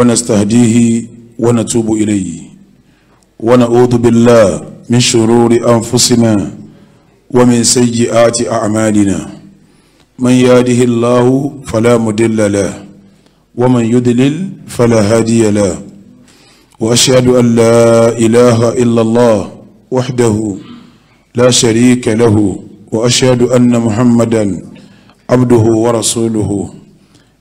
ونستهديه ونتوب إليه ونعوذ بالله من شرور أنفسنا ومن سيئات أعمالنا من يهده الله فلا مضل له ومن يضلل فلا هادي له وأشهد أن لا إله إلا الله وحده لا شريك له وأشهد أن محمدا عبده ورسوله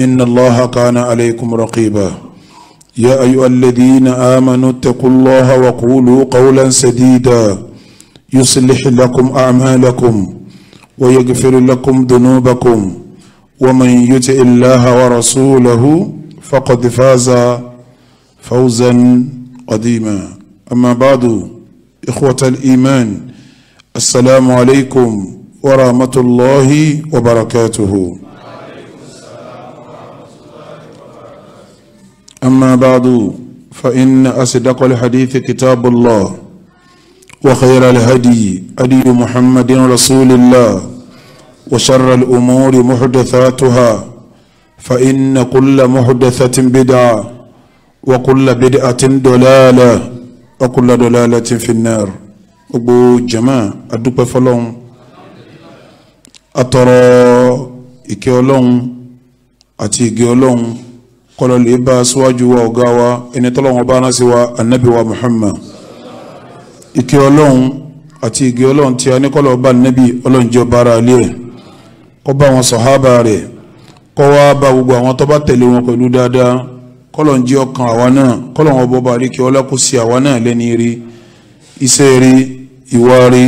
إن الله كان عليكم رقيبا يا أيها الذين آمنوا اتقوا الله وقولوا قولا سديدا يصلح لكم أعمالكم ويغفر لكم ذنوبكم ومن يطع الله ورسوله فقد فاز فوزا قديما أما بعد إخوة الإيمان السلام عليكم ورحمة الله وبركاته أما بعد فإن أصدق الحديث كتاب الله وخير الهدي هدي محمد رسول الله وشر الأمور محدثاتها فإن كل محدثة بدعة وكل بدعة دلالة وكل دلالة في النار أبو جماعة أدوب فلون أترى إكيولون أتيجيولون kọlọ lè bá aṣáájú wa ọ̀gá wa ẹni tọ́lọ́wọ́n bá rán sí wa anabi muhammad ìkẹ́ ọlọ́run àti ìgẹ́ ọlọ́run tí a ní kọ́lọ̀ bá nẹ́bí ọlọ́run jẹ́ ọba ara ilé ẹ̀ kọ́ bá wọn sọ̀hábà rẹ̀ kọ́ wá bá gbogbo àwọn tó bá tẹ̀lé wọn pẹ̀lú dáadáa kọ́lọ̀ ń jẹ́ ọkàn àwa náà kọ́lọ̀ wọn bọba rí kí ọlá kó sí àwa náà lẹ́ni rí iṣẹ́ rí ìwà rí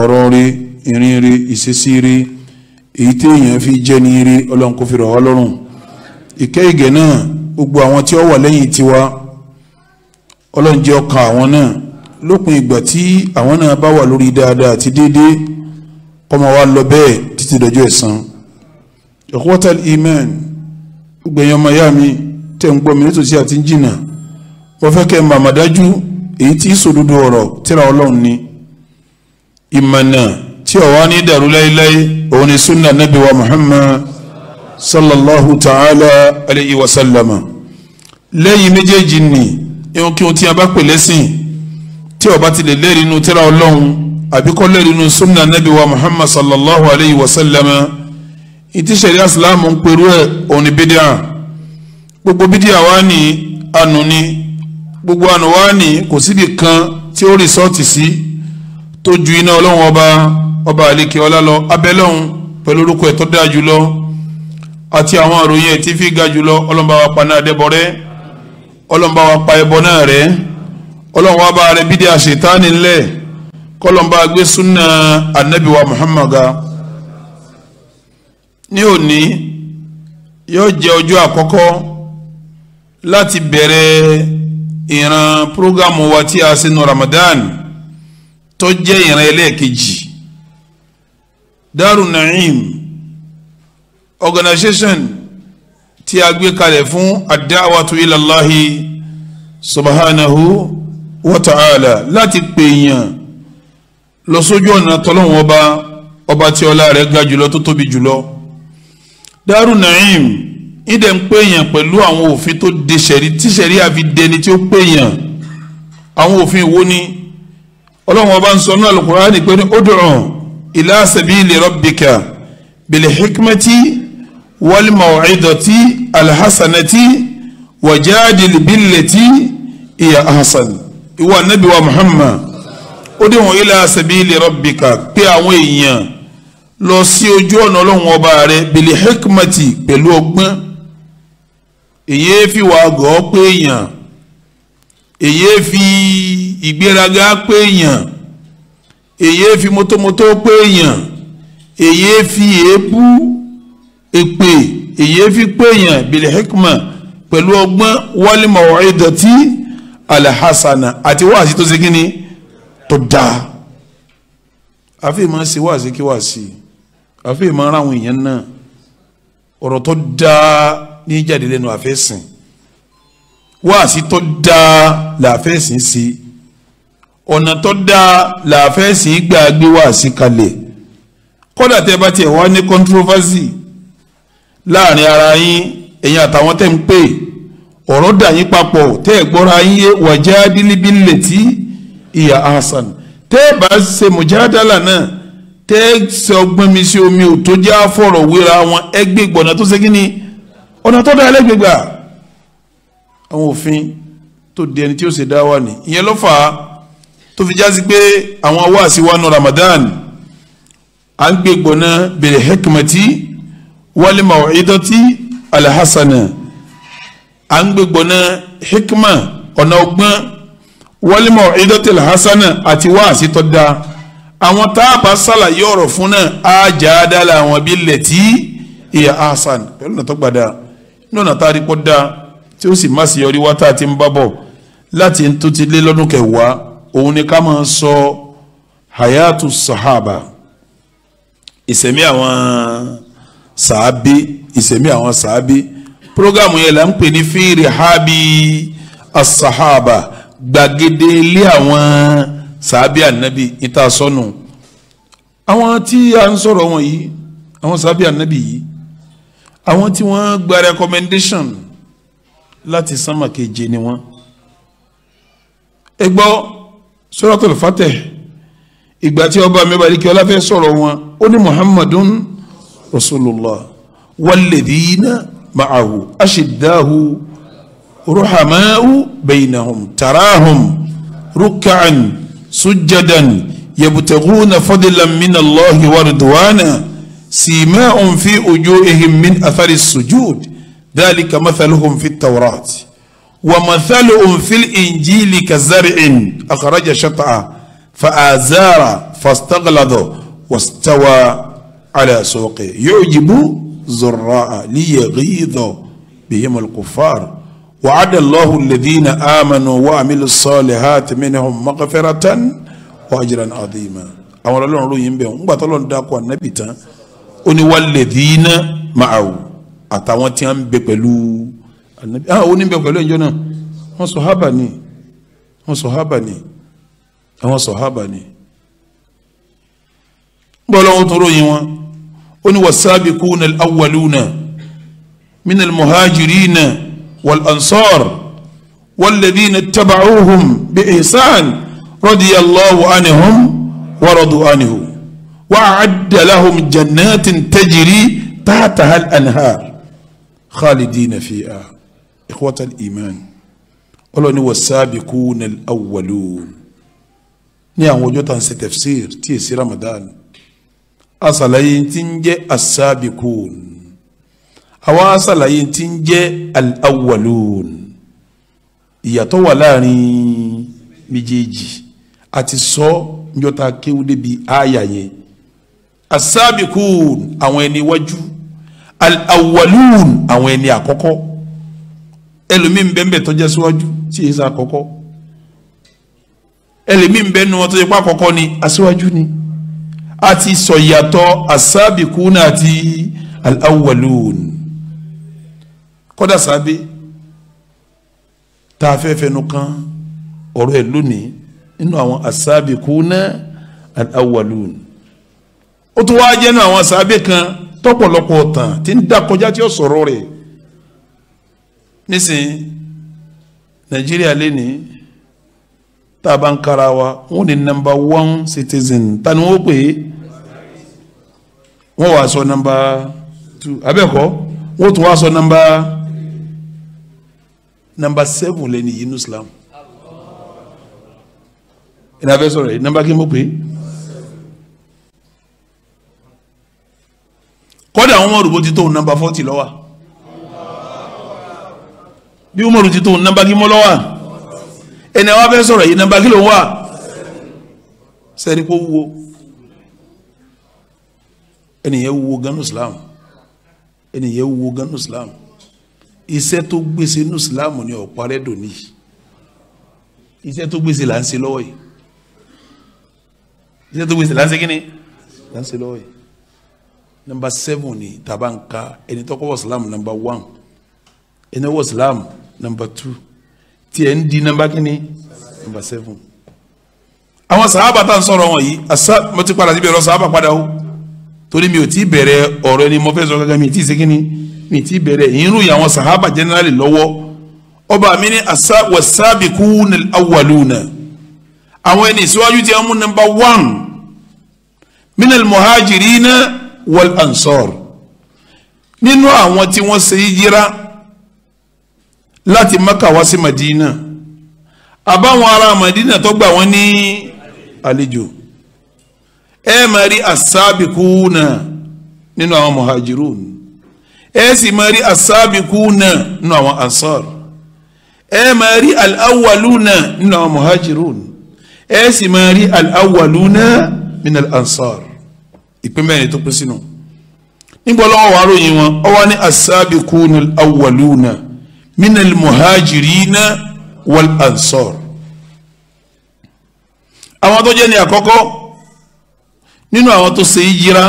ọ̀rọ̀ rí ìrìn rí ìṣesí rí èyí téèyàn fi jẹ́ ní rí ọlọ́run kó fi rọ̀ wá lọ́rùn ìkẹ́ ìgẹ̀ náà gbogbo àwọn tí ó wà lẹ́yìn tiwa ọlọ́run jẹ́ ọkàn àwọn náà lópin ìgbà tí àwọn náà bá wà lórí dáadáa àti déédéé kọ́mọ wa lọ bẹ́ẹ̀ títí dọjọ́ ẹ̀san ikhwatal iman gbogbo ẹ̀yàn ọmọ ìyá mi tẹ̀ ń gbọ́ mi nítòsí àti ń jìnnà wọ́n fẹ́ kẹ́ màmá dájú èyí tí sòdodo ọ̀rọ̀ tíra ọlọ́run ni ìmọ̀nà tí ó ní dàrú láéláé òun ni sunna nabi wa muhammad sallallahu ta'ala alayhi wa sallama lẹ́yìn méjèèjì ni ìhun kí ohun tí a bá pè lẹ́sìn tí ó bá ti lè lẹ́rìí inú tírà ọlọ́run àbí kọ́ lẹ́rìí inú sunna nabi wa muhammad sallallahu alayhi wa sallama ìtí sẹ̀rí asilamu ń perú ẹ̀ òun ni bídíà gbogbo bídíà wa ni ànú ni gbogbo ànú wa ni kò síbi kan tí ó rìsọ́ọ̀tì sí tó ju iná ọlọ́run ọba ọba àlekè ọlá lọ abẹ́lọ́run pẹ̀lú orúkọ ẹ̀ dáa jù lọ àti àwọn àròyìn ẹtí fi ga jùlọ ọlọ́mọba wa pa náà dẹ́bọ rẹ́ ọlọ́mọba wa pa ẹbọ náà rẹ́ ọlọ́mọba wa bá rẹ bídí àṣetánì ńlẹ̀ kọlọ́mọba gbé súnà anabi wa Muhammad ní òní yóò jẹ́ ọjọ́ àkọ́kọ́ láti bẹ̀rẹ̀ ìran prógámù wa tí a sinú Ramadan tó jẹ́ ìran ẹlẹ́ẹ̀kejì Darun Naim organization tí a gbé kalẹ̀ fún ad-da'watu ila Allahi subhanahu wa ta'ala láti pèèyàn lọ sójú ọ̀nà tọ́lọ́wọ́n ọba ọba tí ọlá rẹ̀ ga jùlọ tó tóbi jùlọ Daaru Naim ìdẹ̀ ń pèèyàn pẹ̀lú àwọn òfin tó de sẹ̀rí tí sẹ̀rí àfi dẹni tí ó pèèyàn àwọn òfin wo ni ọlọ́run ọba ń sọ ní Al-Qur'ani pé ud'u ila sabili rabbika bil hikmati. والموعظة الحسنة وجادل بالتي هي أحسن ìwà nabi wa Muhammad ó dé wọn ilà sabili rabbika pé àwọn èèyàn lọ sí ojú ọ̀nà ọlọ́run ọba rẹ bìlì hikmati pẹ̀lú ọgbọ́n èyí fi wà gọ́ pé èèyàn èyí fi ìgbéraga pé èèyàn èyí fi mọ́tòmọ́tò pé èèyàn èyí fi èébú èpè èyí fi péyàn bil hikma pẹ̀lú ọgbọ́n wal maw'idati alhasana àti wáàsí tó ṣe kí ni tó dáa àfi máa ṣe wáàsí kí wáàsí àfi máa ra àwọn èèyàn náà ọ̀rọ̀ tó dáa ní jáde lẹ́nu àfẹ́sìn wáàsí tó dáa làfẹ́sìn sí ọ̀nà tó dáa làfẹ́sìn gbàgbé wáàsí kalẹ̀ kódà tẹ́ bá tiẹ̀ wá ní controversy láàrin ara yín ẹ̀yin àtàwọn tẹ́ ń pè ọ̀rọ̀ dà yín papọ̀ tẹ́ ẹ̀ gbọ́ra yín yé wajadili billati ìyá hasan tẹ́ ẹ̀ bá ṣe mujadala náà tẹ́ ẹ̀ ṣe ọgbọ́n mi sí omi ò tó jẹ́ àfọ̀rọ̀ wéra wọn ẹgbẹ́ gbọ̀nà tó ṣe kí ni ọ̀nà tó dá ẹlẹ́gbẹ̀gbà àwọn òfin tó di ẹni tí ó ṣe dá wà ní ìyẹn ló fà á tó fi jásí pé àwọn awáàsí wa nu Ramadan à ń gbé gbọ̀nà bil wal maw'idati alhassana à ń gbégbó náà hikma ọ̀nà ọgbọ́n wal maw'idati alhassana àti wáàsí tó dáa àwọn tá a bá ọ̀rọ̀ fún náà á jà á dá làwọn bí lẹ̀tí ìyá hasan pẹ̀lú ọ̀nà tó gbàdá ní ọ̀nà tá a rí pọ́ dáa tí ó sì má sí yọrí wá tá ti ń bá bọ̀ láti ń tó ti lé lọ́dún kẹwàá òun ni ká máa sọ hayatu sahaba ìsẹ̀mí àwọn sàábí ìsẹ̀mí àwọn sàábí programu yẹn là ń pè ní fíìrì hábì asahaba gbàgede ilé àwọn sàábí ànábì níta sọnù àwọn tí a ń sọ̀rọ̀ wọn yìí àwọn sàábí ànábì yìí àwọn tí wọ́n gba recommendation láti sánmà keje ni wọ́n ẹ gbọ́ suratul ìgbà tí ọba mi kí ọlá fẹ́ sọ̀rọ̀ wọn ó ní muhammadun. رسول الله والذين معه أشداه رحماء بينهم تراهم ركعا سجدا يبتغون فضلا من الله ورضوانا سيماء في وجوههم من أثر السجود ذلك مثلهم في التوراة ومثلهم في الإنجيل كزرع أخرج شطعه فآزار فاستغلظ واستوى ala suqi yu'jibu zurra'a liyaghidha bihimul kuffar wa'ada Allahu alladhina amanu wa amilus salihati minhum maghfiratan wa ajran adhima àwọn ọlọ́run ròyìn bẹ́ẹ̀ ńgbà tọ́lọ́run dákọ̀ ànábì tán ó ní walladhina ma'ahu àtàwọn tí wọ́n ń bẹ pẹ̀lú ànábì ah ó ní bẹ pẹ̀lú ẹ̀jọ́ náà wọ́n sàhábà ni wọ́n sàhábà ni àwọn sàhábà ni bọ́lá wọn tó ròyìn wọn. هو السابقون الأولون من المهاجرين والأنصار والذين اتبعوهم بإحسان رضي الله عنهم ورضوا عنه وأعد لهم جنات تجري تحتها الأنهار خالدين فيها إخوة الإيمان قالوا هو السابقون الأولون نعم وجود عن ستفسير تيسي رمضان asàlàyé tí ń jẹ́ asábìkún àwọn asàlàyé tí ń jẹ́ aláwàlún ìyàtọ̀ wà láàrin méjèèjì àti sọ njọta kéwú débi àyà yẹn asábìkún àwọn ẹni wájú aláwàlún àwọn ẹni àkọ́kọ́ ẹlòmíín bẹ́ẹ̀ bẹ́ẹ̀ tọ́jà síwájú tí èyí sá àkọ́kọ́ ẹlòmíín bẹ́ẹ̀ nu wọn tó yẹ pé ni aṣíwájú ni ati ti asabi kuna ati alawalun aláwọlùn sabi sábẹ tá a fẹ́ fẹnu kan ọ̀rọ̀ ẹ̀ lónìí nínú àwọn asábìkúnà aláwọlùn ó tún wáá jẹ́ nínú àwọn sábẹ kan tọ́pọ̀lọpọ̀ tàn tí ń dá kọjá tí ó sọ̀rọ̀ rẹ̀ nísìnyí nàìjíríà lé tá a bá ń wa wọn ni nọmba one citizen ta ni wọn pè é wọn wàá sọ nọmba two abẹ́kọ̀ wọn tún wàá sọ nọmba nọmba seven lẹ́nu yìí ní Islam ìnáfẹ́ sọ̀rọ̀ yìí nọmba kí n mọ̀ pé. kọ́dà àwọn ọmọ òrùbó ti tó nọmba forty lọ́wọ́ bí ọmọ òrùbó ti tó nọmba kí mọ́ lọ́wọ́ ẹni àwọn afẹ́ sọ̀rọ̀ yìí nàbà kí ló ń wà sẹ́ni kó wúwo ẹnìyẹn wúwo ganu Islam ẹnìyẹn wúwo ganu Islam iṣẹ́ tó gbèsè nu Islam ni ọ̀pọ̀ arẹ́ dò níyì iṣẹ́ tó gbèsè là ń ṣe lọ́wọ́ yìí iṣẹ́ tó gbèsè là ń ṣe kíni là ń ṣe lọ́wọ́ yìí nọ́mbà seven ni taba ń ka ẹni tó kọ́ Islam nọ́mbà one ẹni wọ Islam nọ́mbà two tiẹ̀ ń di nọ́mbà kínní nọ́mbà seven àwọn sàhábà tá à ń sọ̀rọ̀ wọn yìí asa mo ti padà síbi ọ̀rọ̀ sàhábà padà o torí mi ò tí bẹ̀rẹ̀ ọ̀rọ̀ ẹni mo fẹ́ sọ gẹ́gẹ́ mi ì tí ṣe kínní mi ì tí bẹ̀rẹ̀ irú yìí àwọn sàhábà jẹ́nẹ́rálì lọ́wọ́ ọba mi ní asa wasabiquna al-awwaluna àwọn ẹni ìsíwájú ti mú nọ́mbà one minal muhajirina wal ansar nínú àwọn tí wọ́n ṣe yíra láti Maka wá sí Madina àbáwọn ará Madina tó gbà wọ́n ní àlejò ẹ máa rí asábìkúnà nínú àwọn muhajirun ẹ sì máa rí asábìkúnà nínú àwọn ansar ẹ máa rí al'awwaluna nínú àwọn muhajirun ẹ sì máa rí al'awwaluna nínú al'ansar ìpín mẹ́rin tó pín sínú nígbà ọlọ́wọ́ wàá ròyìn wọn ọwọ́ ní asábìkúnà al'awwaluna minal muhajirina wal ansor àwọn tó jẹ́ ní àkọ́kọ́ nínú àwọn tó ṣe yíra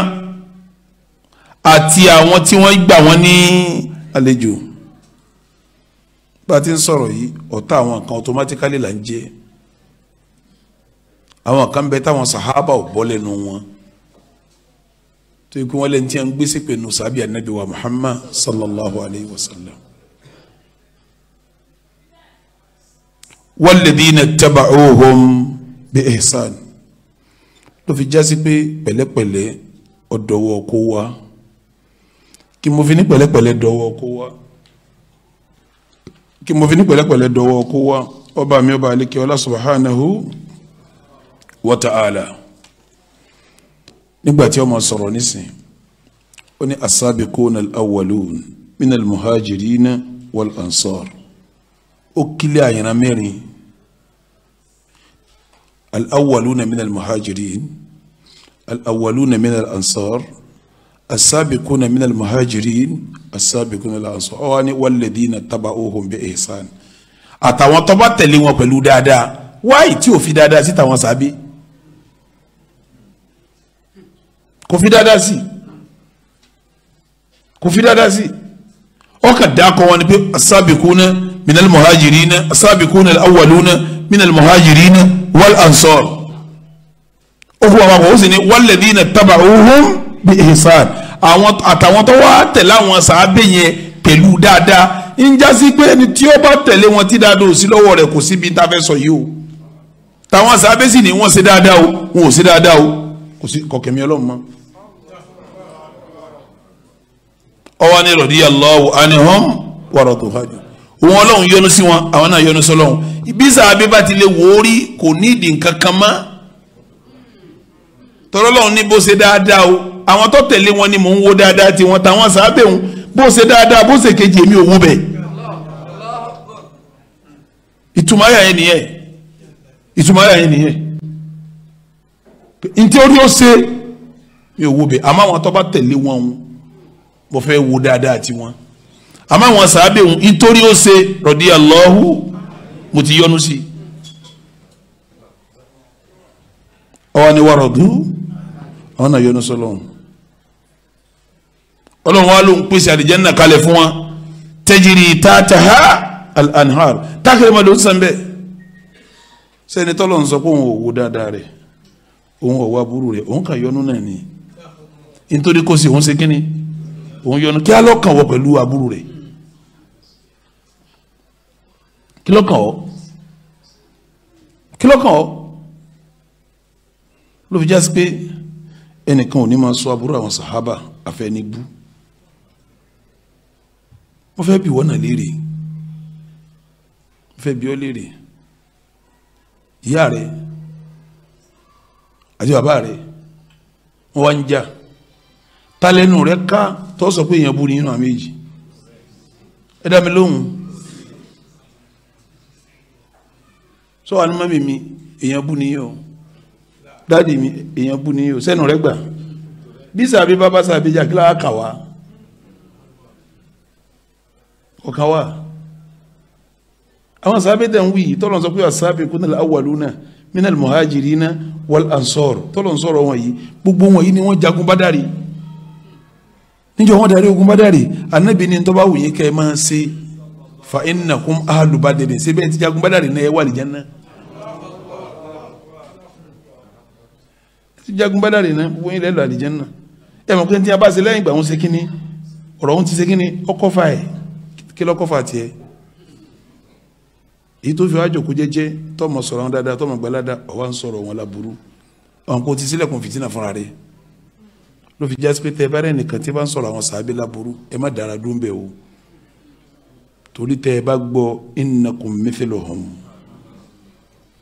àti àwọn tí wọ́n gbà wọ́n ní àlejò bá a ti ń sọ̀rọ̀ yìí ọ̀tá àwọn nǹkan automatically là ń jẹ́ àwọn kan bẹ táwọn sahaba ò bọ́ lẹ́nu wọn tó yẹ kí wọ́n lẹ́ni tí wọ́n ń gbé sípè nù sábìà nàbí wa muhammad sallallahu alayhi wa sallam. walladhina taba'uhum bi ihsan ló fi jásí pé pẹ̀lẹ́pẹ̀lẹ́ ọ̀dọ̀wọ́ kó wá kí mo fi ní pẹ̀lẹ́pẹ̀lẹ́ dọ̀wọ́ kó wá kí mo fi ní pẹ̀lẹ́pẹ̀lẹ́ dọ̀wọ́ kó wá ọba mi ọba àlekè ọlá subhanahu wa ta'ala nígbà tí ọmọ sọ̀rọ̀ nísìn ó ní asabiquna al-awwalun min muhajirina wal-ansar ó kílẹ̀ àyànná mẹ́rin الأولون من المهاجرين الأولون من الأنصار السابقون من المهاجرين السابقون من الأنصار أواني والذين تبعوهم بإحسان àtàwọn tó bá tẹ̀lé wọn pẹ̀lú dáadáa wáyé tí ò fi dáadáa sí tàwọn sábẹ́ kò fi dáadáa sí kò fi dáadáa sí ọkàn dákọ̀ wọn ni pé asábìkúnà minal muhajirina asábìkúnà awwaluna من المهاجرين والأنصار، ansor ó fún wọn papọ̀ ó sì ní walladhina taba'uhum bi ihsan àwọn àtàwọn tó wá tẹ̀lé àwọn sàábẹ̀ yẹn pẹ̀lú dáadáa ń jásí pé ẹni tí ó bá tẹ̀lé wọn tí dáadáa ò sí lọ́wọ́ rẹ̀ kò síbi tá a fẹ́ sọ yìí o táwọn sàábẹ̀ sì ní wọ́n ṣe dáadáa o wọn ò ṣe dáadáa o kò sí kọ̀kẹ́mi ọlọ́run mọ́. ọwọ́ ni radiyallahu anhum wa radu hajj òun ọlọ́run yọ́nú sí wọn àwọn náà yọ́nú sọlọ́run ibiza abébá ti lè wò ó rí kò ní ìdí nǹkan kan mọ́ tọ́lọ́lọ́run ní bó ṣe dáadáa o àwọn tó tẹ̀lé wọn ni mò ń wo dáadáa tiwọn táwọn sábẹ́ òun bó ṣe dáadáa bó ṣe kejì èmi ò wo ìtumọ̀ ayà yẹn nìyẹn ìtumọ̀ ayà yẹn nìyẹn ntí ó ṣe mi ò wo bẹ́ẹ̀ àmọ́ àwọn tó bá tẹ̀lé wọn mo fẹ́ wo dáadáa tiwọn àmọ́ àwọn sàábẹ̀ òun nítorí ó ṣe rọ̀dí Allahu mo ti yọnu sí i ọwọ́ ni wàrọ̀dú àwọn náà yọnu sọlọ́hún ọlọ́run wa ló ń pèsè àlìjẹ́nà kalẹ̀ fún wa tẹ́jìrì tààtàhà al-anhar tákìrì máa ló ń sẹ́ni tọ́lọ̀ ń sọ pé òun ò wo dáadáa rẹ̀ òun ò wá rẹ̀ òun kà yọnu náà ni nítorí kò sí òun ṣe kínni òun yọnu kí á lọ́kàn wọ pẹ̀lú aburú rẹ̀ kí ló kàn ọ́ kí ló kàn ọ́ ló fi jásí pé ẹnìkan ò ní máa sọ aburú àwọn sàhábà àfẹnibú wọ́n fẹ́ bí wọ́nà léèrè wọ́n fẹ́ bí ọ́ léèrè ìyá rẹ̀ àti bàbá rẹ̀ wọ́n wá ń jà ta lẹ́nu rẹ̀ ká tó sọ pé èèyàn burú nínú àmì èjì ẹ dá mi lóhùn so wà ní mọ́mì mi èèyàn bú niyó dáàdì mi èèyàn bú niyó sẹ́nu rẹ gbà bí sàbí bàbá sàbí jà kíláà kà wá ọ̀kan wà àwọn sàbí tẹ̀ ń wí sọ pé àsàbí kúnlẹ̀ al-awwaluna minal muhajirina wal ansor tọ́lọ̀ ń sọ̀rọ̀ wọn yìí gbogbo wọn yìí ni wọ́n jagun Badari níjọ wọn darí ogun Badari anabi ni tọ́ba wù yín kẹ́ ẹ máa ṣe fa innakum kum Badri ṣe bẹ́ẹ̀ ti jagun Badari náà ẹ wà lìjẹ́ náà. tí jagun bá dàrí náà gbogbo yín lẹ́lọ àdìjẹ́ náà ẹ mọ̀ pé tí a bá ṣe lẹ́yìn ìgbà òun ṣe kínní ọ̀rọ̀ òun ti ṣe kínní ọkọ̀ fà ẹ̀ kí lọ́kọ̀ fà tiẹ̀ èyí tó fi wá jòkó jẹ́jẹ́ tọmọ sọ̀rọ̀ wọn dáadáa tọmọ gbalada ọwọ́ ń sọ̀rọ̀ wọn láburú àwọn kò ti sílẹ̀kùn fìtínà fúnra rẹ̀ ló fi jásí pé tẹ bá rẹ̀ nìkan tí bá ń sọ̀rọ̀ àwọn sàábé láburú ẹ má dára dún bẹ́ẹ̀ o torí tẹ bá gbọ́ innakum mithluhum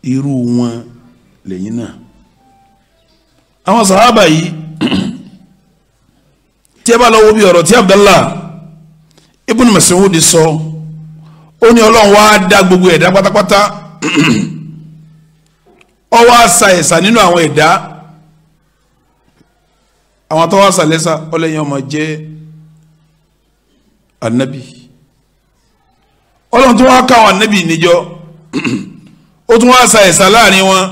irú wọn lẹ́yìn náà àwọn sàhábà yìí tí ẹ bá lọ wo bí ọ̀rọ̀ tí Abdallah ibn Mas'ud sọ ó ní ọlọ́run wá dá gbogbo ẹ̀dá pátápátá ó wá sa ẹ̀sà nínú àwọn ẹ̀dá àwọn tó wá sa lẹ́sà ọlẹ́yìn ọmọ jẹ́ anabi ọlọ́run tó wá káwọn anabi níjọ ó tún wá sa ẹ̀sà láàrin wọn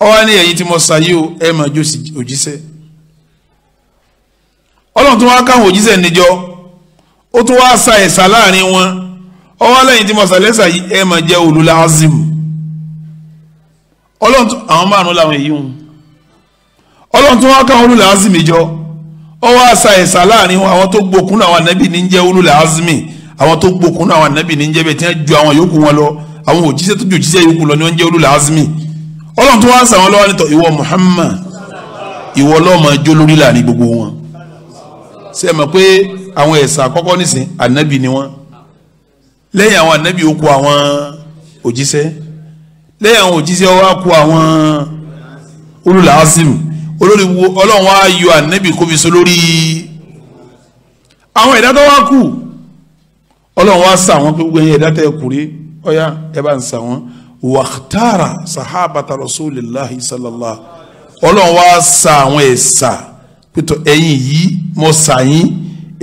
ọwọ́ ní ẹ̀yìn tí mo ṣayé o ẹ máa jó òjíṣẹ́ ọlọ́run tó wá káwọn òjíṣẹ́ níjọ ó tún wá sa ẹ̀sà láàrin wọn ọwọ́ lẹ́yìn tí mo ṣàlẹ́sà yìí ẹ máa jẹ́ ulul azim ọlọ́run tó àwọn márùn làwọn èyí wọn ọlọ́run tó wá káwọn ulul azim jọ ọwọ́ sa ẹ̀sà láàrin wọn àwọn tó gbókun àwọn ànábì ní jẹ́ ulul azim àwọn tó gbókun àwọn ànábì ní jẹ́ bẹ́ẹ̀ tí wọ́n ju àwọn yòókù wọn lọ àwọn òjíṣẹ́ tó ju òjíṣẹ́ yòókù lọ ni wọ́n jẹ́ ulul azim ọlọ́run tó wá ń sàwọn lọ́wọ́ nítọ̀ ìwọ Muhammad ìwọ lọ́mọ jó lórí láàrin gbogbo wọn ṣe mọ̀ pé àwọn ẹ̀sà àkọ́kọ́ nísìn ànábì ni wọ́n lẹ́yìn àwọn ànábì ó kó àwọn òjíṣẹ́ lẹ́yìn àwọn òjíṣẹ́ ó wá kó àwọn ulul azim olórí wo ọlọ́run wá yọ ànábì kó fi so lórí àwọn ẹ̀dá tó wá kù ọlọ́run wá sà wọ́n pé gbogbo ẹ̀yìn ẹ̀dá tẹ̀ kúrí ọ̀yá bá ń sà wọ́n wàhtara sahabata rasulillahi sallallahu ọlọ́run wá sa àwọn ẹ̀sà pẹ̀tọ́ ẹ̀yìn yìí mo sà yín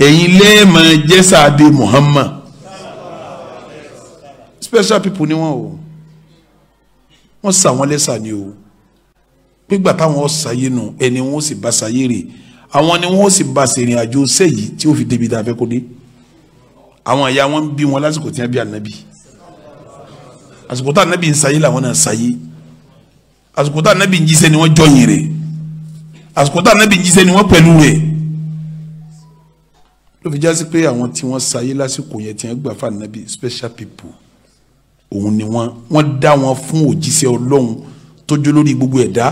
ẹ̀yìn lẹ́ẹ̀mọ jẹ́sàdé muhammad special people ni wọ́n o wọ́n sa àwọn lẹ́sà ni o gbígbà táwọn ọ̀sàyé nù ẹni wọn ó sì bá sàyé rè àwọn ni wọn ó sì bá sèrìn àjò sẹ́yìí tí ó fi débi dáa fẹ́ kó dé àwọn ìyá wọn ń bí wọn lásìkò tí wọn bí ànábì àsìkò tá ànábì ń sayé làwọn náà sayé àsìkò tá ànábì ń jíṣẹ́ ni wọ́n jọyìn rẹ̀ àsìkò tá ànábì ń jíṣẹ́ ni wọ́n pẹ̀lú rẹ̀ ló fi jásí pé àwọn tí wọ́n sayé lásìkò yẹn tí wọ́n gbà fún special people òun ni wọ́n wọ́n dá wọn fún òjíṣẹ́ ọlọ́run tójú lórí gbogbo ẹ̀dá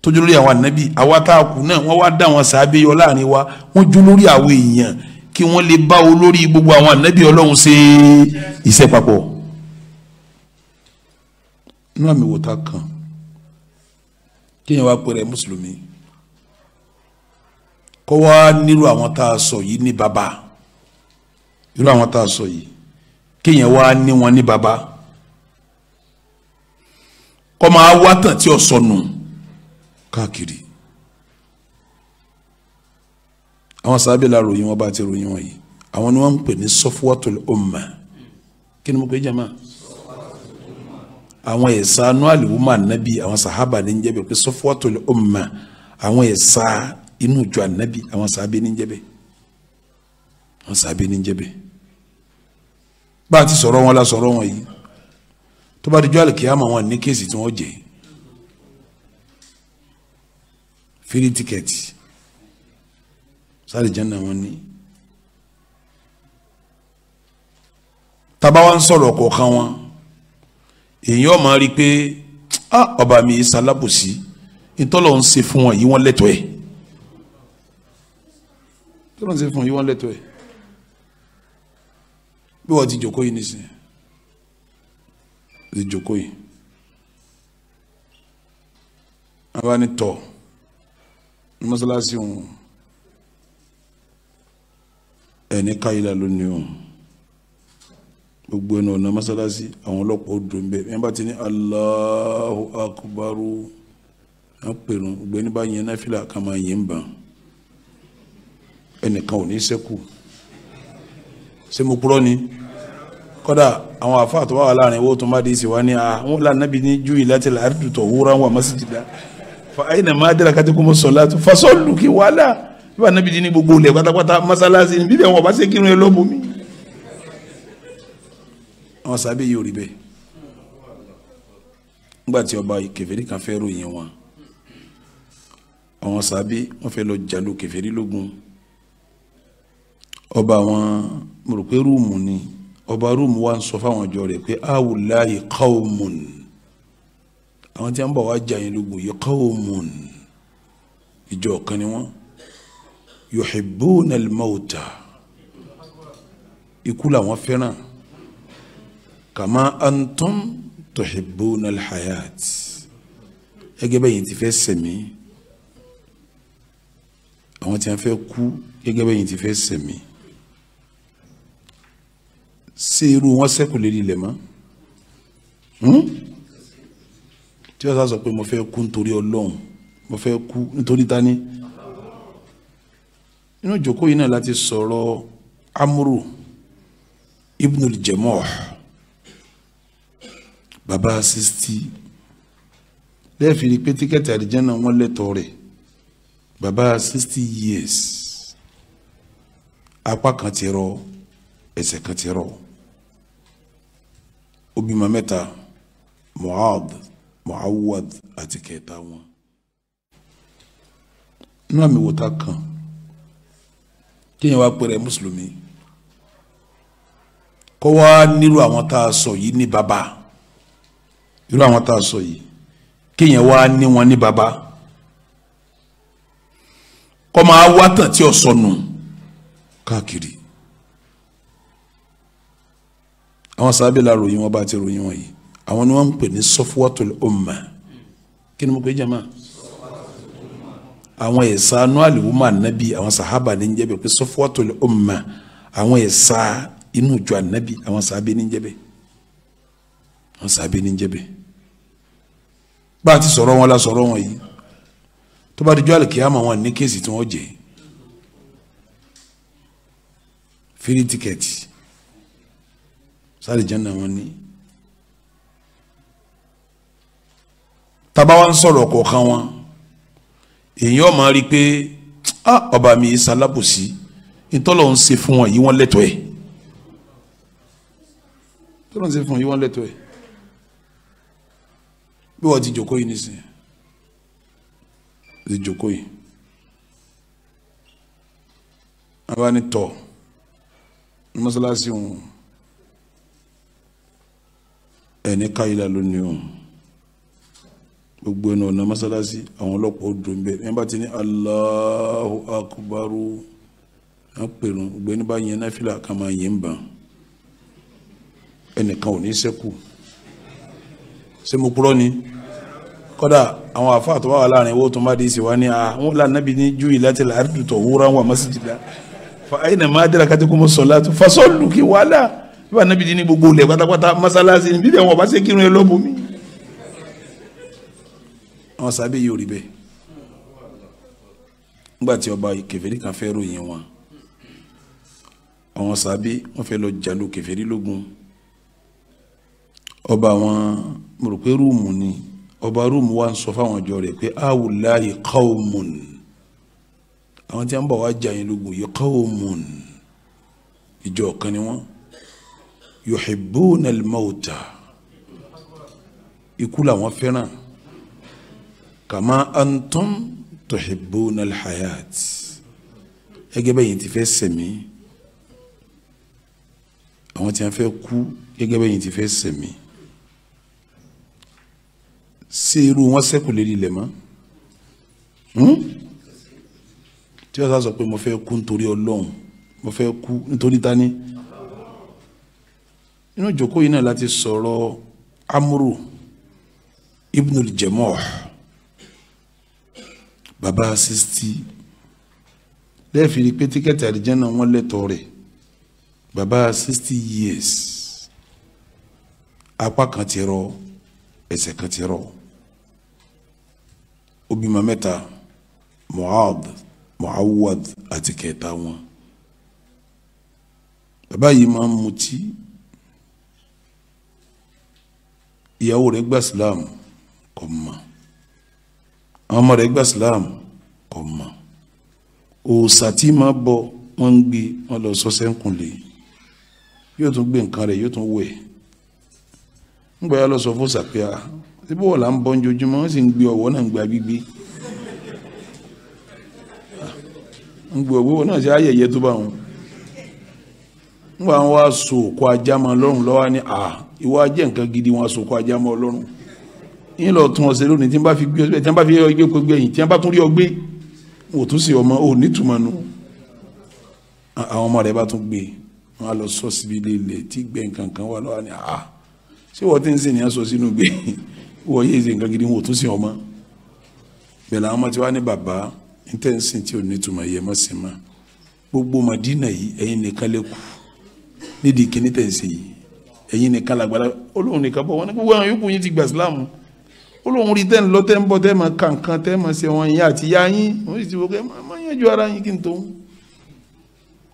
tójú lórí àwọn ànábì àwa tá a kù náà wọ́n wá dá wọn sàábé yọ láàrin wa wọ́n jó lórí àwọn èèyàn kí wọ́n lè bá olórí gbogbo àwọn ànábì ọlọ́run ṣe iṣẹ́ papọ̀ nínú àmì wò tá a kàn kéèyàn wá pèrè mùsùlùmí kó wá nírú àwọn tá a sọ yìí ní bàbá irú àwọn tá a sọ yìí kéèyàn wá ní wọn ní bàbá kó máa wá tàn tí ò sọnù káàkiri àwọn sábẹ́ ròyìn wọn bá ti ròyìn wọn yìí àwọn ni wọ́n ń pè ní sọ́fúwọ́tò ọmọ kí ni mo pè é jẹ́ máa àwọn ẹ̀sà inú àlùmọ́ ànábì àwọn sàhábà ní jẹ́bẹ̀ pé sọ́fọ́tòlì ọmọ àwọn ẹ̀sà inú ìjọ ànábì àwọn sàhábà ní jẹ́bẹ̀ àwọn sàhábà ní jẹ́bẹ̀ bá a ti sọ̀rọ̀ wọn la sọ̀rọ̀ wọn yìí tó bá dijọ́ àlùkìyàmọ̀ wọn ní kéèsì tí wọ́n jẹ́ fírí tíkẹ́ẹ̀tì sáré jẹ́nà wọn ní. tabawa ń sọ̀rọ̀ kọ̀ọ̀kan wọn èèyàn máa rí i pé ọba mi ṣalábòsí ìtọ́lọ̀ ń ṣe fún wọn yìí wọ́n lẹ́tọ̀ọ́ ẹ̀ tọ́lọ̀ ń ṣe fún wọn yìí wọ́n lẹ́tọ̀ọ́ ẹ̀ bí wọ́n ti jòkó yìí nísìnyí ti jòkó yìí àwa ni tọ̀ mọ́sálásí wọn ẹ̀ ní káyìlá lónìí o gbogbo ẹnu ọ̀nà mọ́sálásí àwọn ọlọ́pàá ó dùn bẹ́ẹ̀ yẹn bá ti ní Allahu akubaru wọ́n pèrò gbogbo ẹni bá yẹn náfìlà kan máa yẹn ń bàn ẹnìkan ò ní sẹ́kù ṣé mo kúrọ́ ni kọ́dà àwọn àfáà tó wà láàrin owó tó má di ìsìnwá ní a ah, wọn là nábì ní ju ìlàtí làárìdù tó wúra wà mọ́sídìdá fa àyìnà má dára kátó kó mo sọ láti fasọ́ọ̀lù kí wàhálà bí wà nábì ní gbogbo ilẹ̀ pátápátá mọ́sálásí bíbẹ̀ wọn ò ṣe kírun ẹ lọ́bùnmi àwọn sábẹ́ yìí ò rí bẹ́ẹ̀ nígbà tí ọba kèfèrí kan fẹ́ ròyìn wọn àwọn sábẹ́ wọ́n fẹ́ lọ jàlú kèfèrí lógun ọba àwọn mo rò pé rúùmù ni ọba rúùmù wa ń sọ fáwọn ọjọ́ rẹ̀ pé awùláyé qawmun àwọn tí wọ́n bọ̀ wá jà yín lógun yìí qawmun ìjọ kan ni wọ́n yuhibbuna al-mawta ikú làwọn fẹ́ràn kàmá antum tuhibbuna alhayat gẹ́gẹ́ bẹ́yìn ti fẹ́ sẹ̀mí àwọn tí wọ́n fẹ́ kú gẹ́gẹ́ bẹ́yìn ti fẹ́ sẹ̀mí ṣé irú wọn sẹ́kù lè lílẹ̀ mọ́ hmm? tí wọ́n sá sọ pé mo fẹ́ kú nítorí ọlọ́run mo fẹ́ kú nítorí tani inú ìjókòó yìí náà láti sọ̀rọ̀ amúrò ibnul jamoh. Baba sisti lẹ́ẹ̀fì rí pé tíkẹ́ẹ̀tì àdìjẹ́nà wọn lẹ́tọ̀ọ́ rẹ̀ bàbá sixty years apá kan ti rọ ẹsẹ̀ kan ti rọ ó bímọ mẹ́ta muad muawad àti kẹta wọn inú àmì wò ta kàn kéèyàn wá pẹ̀rẹ̀ mùsùlùmí kọ́ wá nílò àwọn tá a sọ yìí ní bàbá irú àwọn tá a sọ yìí kéèyàn wá ní wọn ní baba kọ́ máa wá tàn tí ó sọnù káàkiri àwọn sábẹ́ la ròyìn wọn bá ti ròyìn wọn yìí àwọn ni wọ́n ń pè ní sọ́fúwọ́tò ọmọ kí ni mo pè é jama àwọn ẹ̀sà anú àlùwọ́mọ ànábì àwọn sàhábà ní jẹ́bẹ̀ pé sọ́fúwọ́tò ọmọ àwọn ẹ̀sà inú ìjọ ànábì àwọn sàhábà ní jẹ́bẹ̀ wọn sàbẹ ní jẹbẹ bá a wọn la sọ̀rọ̀ wọn yìí tó bá di jọ́ àlùkìyàmọ̀ wọn ní kéèsì tí wọ́n jẹ fírí tíkẹ́ẹ̀tì sáré jẹ́ náà wọ́n ní. tábà wá ń sọ̀rọ̀ kọ̀ọ̀kan wọn èèyàn máa rí i pé ah, ọba mi ṣalábòsí ìtọ́lọ̀ ń ṣe fún wọn yìí wọ́n lẹ́tọ̀ọ́ tọ́lọ̀ ń ṣe fún wọn yìí wọ́n lẹ́tọ̀ọ́ bí wọ́n ti jòkó yìí nísìnyí ti jòkó yìí wọ́n bá ní tọ̀ mọ́sálásí wọn ẹni káyìlá lónìí o gbogbo ẹnu ọ̀nà mọ́sálásí àwọn ọlọ́pàá ó dùn bẹ́ẹ̀ ẹni bá ti ní Allahu akubaru wọ́n pèrò gbogbo ẹni bá yẹn náfìlà ká máa yẹn ń bà ẹnìkan ò ní sẹ́kù ṣé mo ni kọ́dà àwọn àfáà tó wà láàrin owó tó má di ìsìnwá ní àwọn lànàbí ní ju ìlàtí làárùtù tó wúra wà masjidila fa ayna ma adrakakum as-salatu fasallu kí wàhálà bí wàá nàbí ní gbogbo ilẹ̀ pátápátá masalasi ní bíbí àwọn ọba ṣe kírun ẹ lọ́bù mi. àwọn sábẹ́ yìí ò rí bẹ́ẹ̀ nígbà tí ọba kèfèrí kan fẹ́ ròyìn wọn àwọn sábẹ́ wọ́n fẹ́ lọ jàlú kèfèrí lógun ọba àwọn mọ̀rọ̀pẹ́ rúùmù ni ọba rúùmù wa ń sọ fáwọn ọjọ́ rẹ̀ pé awùláyé qawmun àwọn tí wọ́n bá wá jà yín lógun yìí qawmun ìjọ kan ni wọ́n yuhibbuna al-mawta ikú làwọn fẹ́ràn kàmá antum tuhibbuna al-hayat gẹ́gẹ́ ti fẹ́ sẹ̀mí àwọn tí wọ́n fẹ́ kú gẹ́gẹ́ bẹ́yìn ti fẹ́ sẹ̀mí ṣé irú wọn ṣẹ́kù lérí ilẹ̀ mọ́ hmm? tí wọ́n sá sọ pé mo fẹ́ kú nítorí ọlọ́run mo fẹ́ kú nítorí tani inú ìjókòó yìí náà láti sọ̀rọ̀ amúrù ibnul jẹmọ́ọ̀ baba sixty lẹ́ẹ̀fìrí pé tíkẹ́tì àdìjẹ́nà wọn lẹ́tọ̀ọ́ rẹ̀ baba sixty years apá kan ti rọ ẹsẹ̀ kan ti rọ ó bímọ mẹ́ta muad muawad àti kẹta wọn bàbá yìí máa ń mutí ìyàwó rẹ̀ gba islam kò mọ̀ àwọn ọmọ rẹ̀ gba islam kò mọ̀ òòṣà tí máa bọ wọ́n ń gbé wọn lọ sọ́sẹ́ ń yóò tún gbé nǹkan rẹ̀ yóò tún wẹ̀ ń gbọ́dọ̀ lọ sọ fún sàpíà síbí wọ̀ là ń bọ́ ojoojúmọ́ wọ́n sì ń gbé ọ̀wọ́ náà ń gba gbígbé ń gbé ọ̀wọ́ náà sí ayẹyẹ tó bá wọn nígbà wọn wá so òkú ajá mọ́ ọlọ́run lọ́wọ́ ni à ìwọ ajé nǹkan gidi wọn so òkú ajá mọ́ ọlọ́run yín lọ tún ọ̀sẹ̀ lónìí tí wọ́n bá fi gbé ọ̀sẹ̀ tí wọ́n bá fi gbé kó gbé tí wọ́n bá tún rí ọgbé wò tún sí ọmọ ò nítumọ̀ nù àwọn ọmọ rẹ̀ bá tún gbé wọn lọ sọ síbi ilé ilẹ̀ tí gbẹ̀ wà lọ́wọ́ ni à ṣé wọ́n ti ń sìn ní aṣọ sínú gbé wọ́n yé nǹkan gidi wọn ò tún sìn ọmọ bẹ́ẹ̀ làwọn ọmọ tí wàá ní bàbá ntẹ́nsìn tí ò ní tùmọ̀ yẹ mọ́ sí ma gbogbo Madina yìí ẹ̀yin nìkan lè kú nídìí kíní tẹ̀sí yìí ẹ̀yin nìkan làgbàdá olóhùn nìkan bọ̀ wọn ní gbogbo àwọn yòókù yín ti gbà sílámù olóhùn rí tẹ́ ń lọ tẹ́ ń bọ̀ tẹ́ máa kà tẹ́ máa ṣe wọn yín àti yá yín sì ti wọ́n kẹ́ máa yẹn ju ara yín kí n tó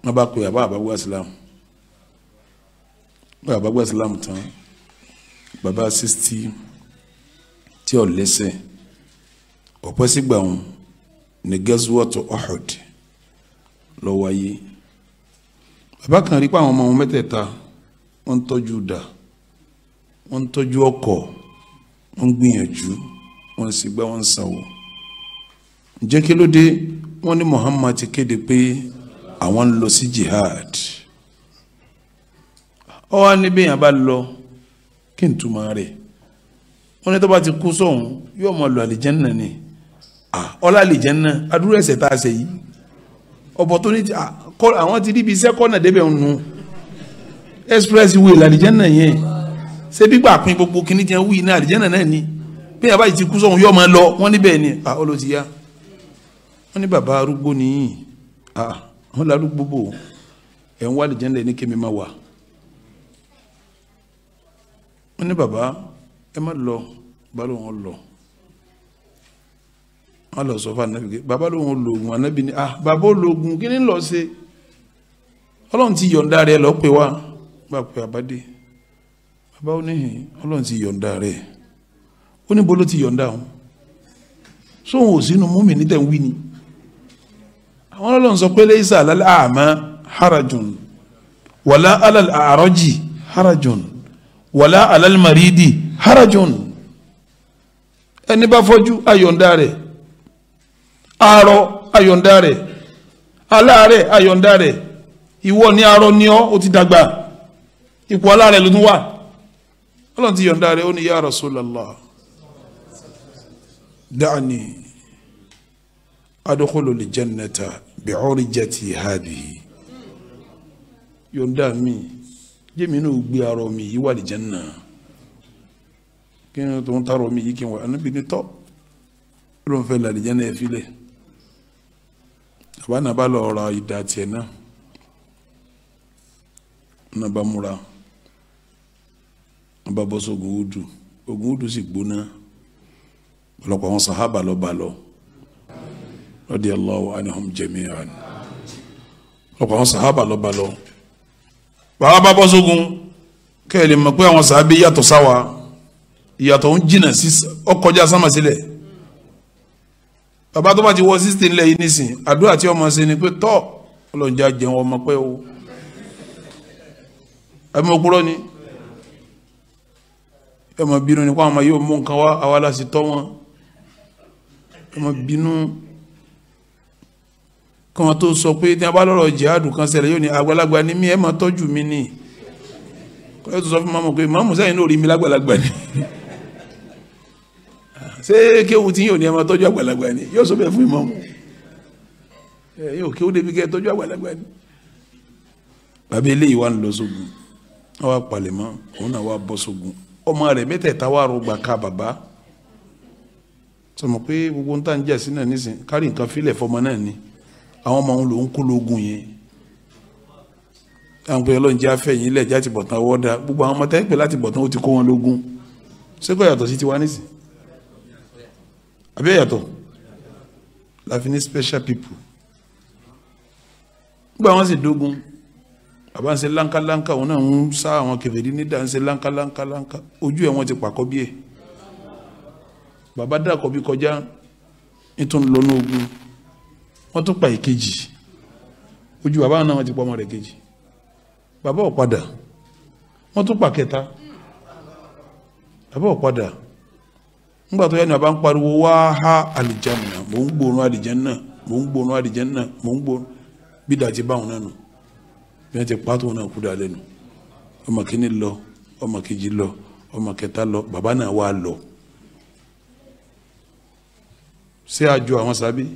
wọn bá pe àbá àbá wá sílámù bá àbá wá sílámù tán bàbá sixty tí ò lẹ́sẹ̀ pọ̀pọ̀ sígbà wọn ní gẹ́sùwọ́tò Uhud ló wáyé bàbá kan rí pa àwọn ọmọ wọn mẹ́tẹ̀ẹ̀ta wọ́n ń tọ́jú dà wọ́n ń tọ́jú ọkọ̀ wọ́n ń gbìyànjú wọ́n ń sígbà wọ́n sanwó ǹjẹ́ kí ló dé wọ́n ní Muhammad ti kéde pé àwọn ń lọ sí jihad ọ wá níbí yẹn bá lọ kí n túmọ̀ rẹ̀ wọ́n ní tó bá ti kú sóhun yóò mọ̀ lọ àlìjẹ́nà ni ọlá àlìjẹ́nà adúrú ẹ̀sẹ̀ tá a ṣe yìí opportunity àwọn ti ríbi iṣẹ́ kọ́nà débẹ̀ ń nu express way làlìjẹ́nà yẹn ṣé gbígbà pin gbogbo kìíní jẹ́ wí ní àlìjẹ́nà náà ni bí yàrá yìí ti kú sóhun yóò mọ̀ lọ wọ́n níbẹ̀ ni olóòtìyá wọ́n ní bàbá arúgbó nìyí wọ́n lárúgbó bò ẹ̀ ń wá àlìjẹ́nà ní kémi máa wà wọ́n ní bàbá ẹ má lọ bá lóun lọ wọn lọ sọ fún anabi pé bàbá lóun lògùn anabi ni ah bàbá lògùn kí ni lọ ṣe ọlọ́run ti yọ̀ǹda rẹ lọ pé wá gbà pé àbádé bàbá oníhìn ọlọ́run ti yọ̀ǹda rẹ ó níbo ló ti yọ̀ǹda òun sóhun ò sínú múmi ní tẹ̀wí ni àwọn ọlọ́run sọ pé lẹ́yìn sàlálẹ́ àmọ́ harajun wàlá alal àrọ́jì harajun wàlá alal maridi harajun ẹni bá fọ́jú ayọ̀ǹda rẹ̀ arọ ayọ̀ǹda rẹ̀ aláàárẹ̀ ayọ̀ǹda rẹ̀ ìwọ ni arọ ni ọ́ ó ti dàgbà ipò aláàárẹ̀ ló tún wà ọlọ́run ti yọ̀ǹda rẹ̀ ó ní ya Rasulallah da'ni adkhulu l-jannata bi'urjati hadhihi yọ̀ǹda mi jẹ́mi náà gbé arọ mi yìí wà lìjẹ́ náà kí ni tó ń tàrọ mi yìí kí n wà ànábì ní tọ́ ló ń fẹ́ làlìjẹ́ náà filẹ̀ bàbá náà bá lọ ra ìdá tiẹ̀ náà náà bá múra náà bá bọ́ sógun údù ogun údù sì gbóná ọ̀pọ̀lọpọ̀ àwọn sàhábà lọ bá lọ radiyallahu anhum jami'an ọ̀pọ̀ àwọn sàhábà lọ bá lọ bàbá bá bọ́ kẹ́ ẹ lè mọ̀ pé àwọn sàhábà yàtọ̀ sáwa ìyàtọ̀ ń jìnnà sí ọkọjá sámàsílẹ̀ bàbá tó bá ti wọ sísè ńlẹ̀ yìí nísìn àdúrà tí ọmọ ṣe ni pé tọ́ ọlọ́njà jẹun ọmọ pẹ́ o ẹ̀mí òpúrọ́ ni ẹ̀mọ bínú ni kó àwọn ọmọ yóò mú nǹkan wá àwa láti tọ́ wọn ẹ̀mọ bínú kí wọn tó sọ pé tí wọn jihadu kan ṣẹlẹ̀ yóò ní àgbàlagbà ni mí ẹ̀ máa tọ́jú mi ni kọ́ ẹ̀ tó sọ fún mọ́mọ́ pé mọ́mọ́ sẹ́yìn ló rí mi lágbàlagbà ni ṣé kéwu tí yóò ní ẹ máa tọ́jú àgbàlagbà ni yóò sọ bẹ́ẹ̀ fún ìmọ̀ mu ẹ yóò kéwu débi kẹ́ tọ́jú àgbàlagbà ni. bàbá eléyìí wà ń lọ sógun wọn wá palẹ̀mọ́ òun náà wá bọ́ sógun ọmọ rẹ̀ mẹ́tẹ̀ẹ̀ta wà rọgbà ká bàbá sọmọ pé gbogbo ń tà ń jà sí náà nísìn kárí nǹkan fílẹ̀ fọmọ náà ni àwọn ọmọ òun lòún kó lógun yẹn àwọn pé ọlọ́run jẹ́ afẹ́yìn ilẹ̀ jáde bọ̀tán ọwọ́ dá gbogbo àwọn ọmọ tẹ́gbẹ́ láti bọ̀tán ó ti kó wọn lógun ṣé kò yàtọ̀ sí tiwa nísìn àbí ìyàtọ̀ la fi special people gbogbo àwọn sì dógún lanka ń ṣe láńkáláńká òun náà ń sá àwọn kẹfẹ́rí nídà ń ṣe láńkáláńkáláńká ojú ẹ̀ wọ́n ti pàkọ́ bí ẹ̀ bàbá dàkọ̀ bí kọjá nítorí lọ́nà ogun wọ́n tún pa ìkejì ojú bàbá náà wọ́n ti pọ̀ ọmọ rẹ̀ kejì bàbá ò padà wọ́n tún pa kẹta bàbá ò padà nígbà tó yẹ ní a bá ń pariwo wáhá àlìjánà mò ń gbóòórùn àlìjánà mò ń gbóòórùn àlìjánà mò ń gbóòórùn bí dàtí báwọn náà nù bí wọ́n ti pàtó náà kú dalẹ̀ nù ọmọ kìíní lọ ọmọ kejì lọ ọmọ kẹta lọ bàbá náà wà lọ ṣé àjọ àwọn sábẹ́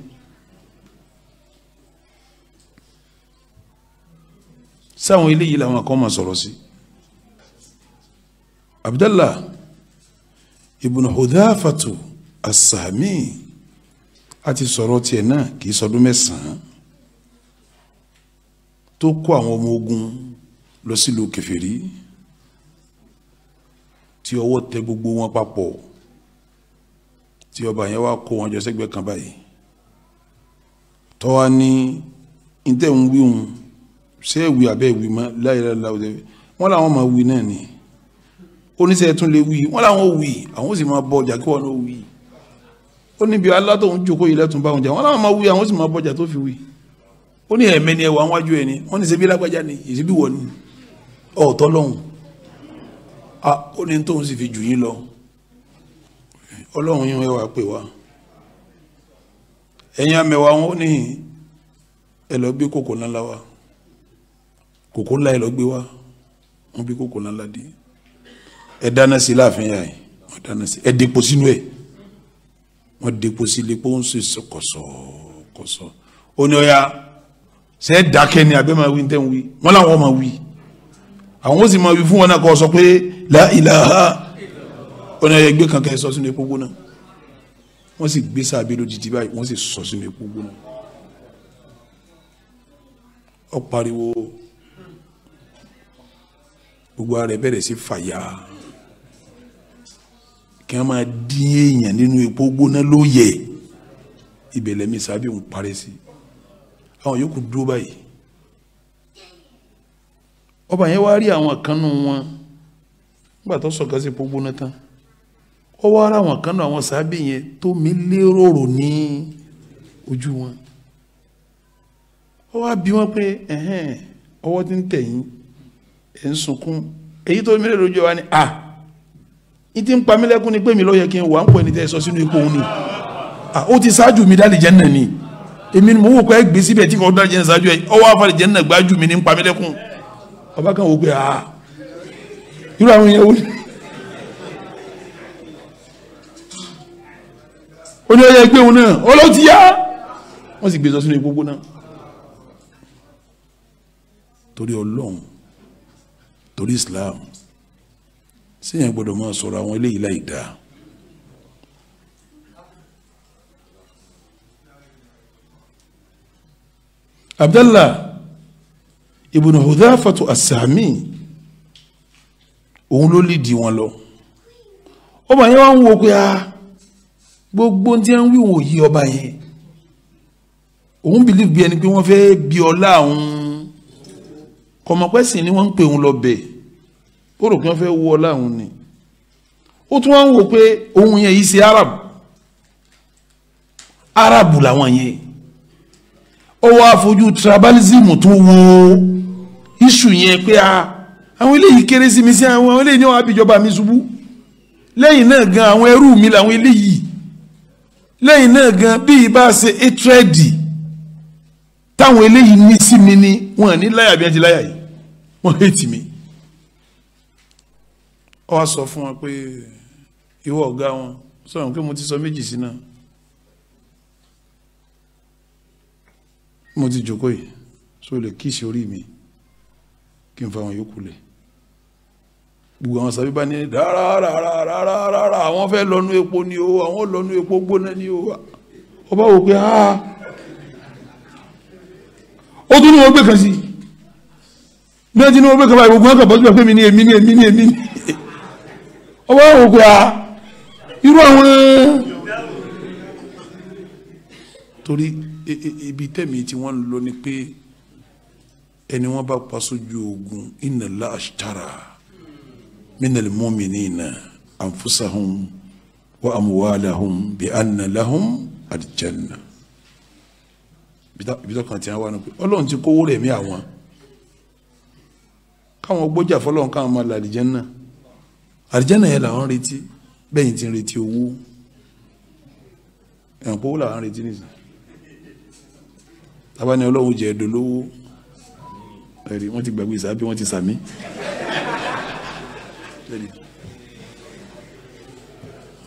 sáwọn eléyìí làwọn akọ́ máa sọ̀rọ̀ sí Abdallah ibùnà hudhafatu asàmì a ti sọ̀rọ̀ tiẹ̀ náà kì í sọdún mẹ́sàn-án tó kó àwọn ọmọ ogun lọ sílùú kèfèrí tí ọwọ́ tẹ gbogbo wọn papọ̀ tí ọba yẹn wá kó wọn jọ sẹ́gbẹ́ kan báyìí tọ́wa ní ntẹ̀ ṣé ìwé abẹ́ mọ́ láyé ni oníṣẹ́ tún lè wí wọ́n láwọn wí àwọn ó sì máa bọ ọjà kí wọ́n náà wí ó níbi alátòun jókòó yìí lẹ́tùn bá wọn jà wọ́n láwọn máa wí àwọn ó sì máa bọ ọjà tó fi wí ó ní ẹ̀mẹ́ni ẹ̀wà wájú ẹ̀ ni wọ́n ní ṣebí lágbájá ni ìṣebí wọ̀ ni ọ̀tọ̀ lọ́hùn ó ní tóun sì fi jù yín lọ ọlọ́run yín ẹwà pè wá ẹ̀yin amẹ̀wà wọn ó ní ẹ lọ gbé kòkó ńlá wa kòkó ńlá ẹ lọ gbé wa wọ́n bí kòkó ńlá dé ẹ dáná sí láàfin yà yìí wọ́n dáná sí ẹ dèpò sínú ẹ̀ wọ́n dèpò sí ilé pé ó ń sè so kọ̀sọ̀ kọ̀sọ̀ ó ní ọ̀ya ṣe é dákẹ́ ni àbẹ́ máa wí ní tẹ́ ń wí wọ́n làwọn máa wí àwọn ó sì máa wí fún wọn náà kọ́ sọ pé láìláha ó ní kankan sọ sínú epo gbóná wọ́n sì gbé sáà lójijì báyìí wọ́n sì sọ sínú epo gbóná ọ pariwo gbogbo ara rẹ bẹ̀rẹ̀ sí fàyà kí wọ́n máa dín èèyàn nínú epo gbóná lóye ìbẹ̀lẹ̀ mi sábẹ́ òun parí sí àwọn yòókù dúró báyìí ọba yẹn wá rí àwọn kan nù wọn nígbà tó sọ̀kan sí epo gbóná tán ó wá ra àwọn kan nù àwọn sábẹ́ yẹn tó mi lérò ní ojú wọn ó wá bí wọn pé ọwọ́ ti ń tẹ̀yìn ẹ̀ ń sunkún èyí tó mi lérò ojú wa ni ah ìtí ń pa mí lẹ́kún ni pé mi lọ́yẹ kí n wà ń pọ̀ ẹni tẹ́ sọ sínú ipò òun ni ó ti ṣáájú mi dálì jẹ́nà ni èmi ni mo wò pé gbé síbẹ̀ tí kò dálì jẹ́nà ṣáájú ẹ̀ ọwọ́ afárì jẹ́nà gbájú mi ní ń pa mí lẹ́kún ọba kan wò pé ah irú àwọn yẹn wò ni. ó ní ọyẹ gbé òun náà ọlọ́ọ̀ ti yá wọ́n sì gbé sọ e sínú ipò gbóná torí ọlọ́run torí Islam síyẹn gbọ́dọ̀ máa sọ̀rọ̀ àwọn eléyìí láì dáa. abdallah ibùnà hudhafatu asami òun ló lè di wọn lọ ọba yẹn wá ń wo pé a ah, gbogbo tí ń wí wọn yí ọba yẹn òun bìlíf ẹni pé wọ́n fẹ́ bí ọlá òun kọmọpẹ́sìn ni wọ́n ń pè òun lọ bẹ́ẹ̀ ó rò kí wọ́n fẹ́ wú ọ láwọn ni ó tún wọ́n ń wò pé ohun yẹn yìí ṣe arab arab làwọn yẹn ó wá fojú tribalism tó wo iṣu yẹn pé a ah, àwọn eléyìí kéré sí mi sí àwọn eléyìí ní wọn àbíjọba mi ṣubú lẹ́yìn náà gan àwọn ẹrú mi làwọn eléyìí lẹ́yìn náà gan bí ibà ṣe étrẹ́dì táwọn eléyìí ní sí mi ni wọn ní láyà bí wọn ti láyà yìí wọn hẹ́ẹ̀tì mi ọ wá sọ fún wọn pé ìwọ ọ̀gá wọn sọ̀rọ̀ pé mo ti sọ méjì sí náà mo ti jòkó yìí so le kí ìṣorí mi kí n fa àwọn yòókù lẹ̀ gbogbo àwọn sábẹ́ ní rárárárárárá àwọn fẹ́ lọ́nu epo ni o àwọn lọ́nu epo gbóná ni o ó wò pé áá ó tún ní wọ́n gbé kan sí bí wọ́n ti ní wọ́n gbé kan báyìí gbogbo wọn kàn bọ́ síbẹ̀ pé mi ni èmi ni èmi ni èmi ni ọwọ́ ògùn à irú àwọn torí ibi tẹ̀mí tí wọ́n ń lò ní pé ẹni wọ́n bá pa sójú ogun inna la ashtara minal mu'minina anfusahum wa amwalahum bi anna lahum aljanna tí wọ́n wà ní pé ọlọ́run ti kówó rẹ̀ mí àwọn káwọn gbọ́jà fọlọ́run káwọn máa làlìjẹ́ àlìjẹ́nà yẹn làwọn ń retí bẹ́yìn ti ń retí owó ẹ̀hùn pé owó làwọn ń retí nìyí tábàní ọlọ́run jẹ́ ẹ̀dọ́ lówó ẹ̀rí wọ́n ti gbàgbé ìsàbí wọ́n ti sàmí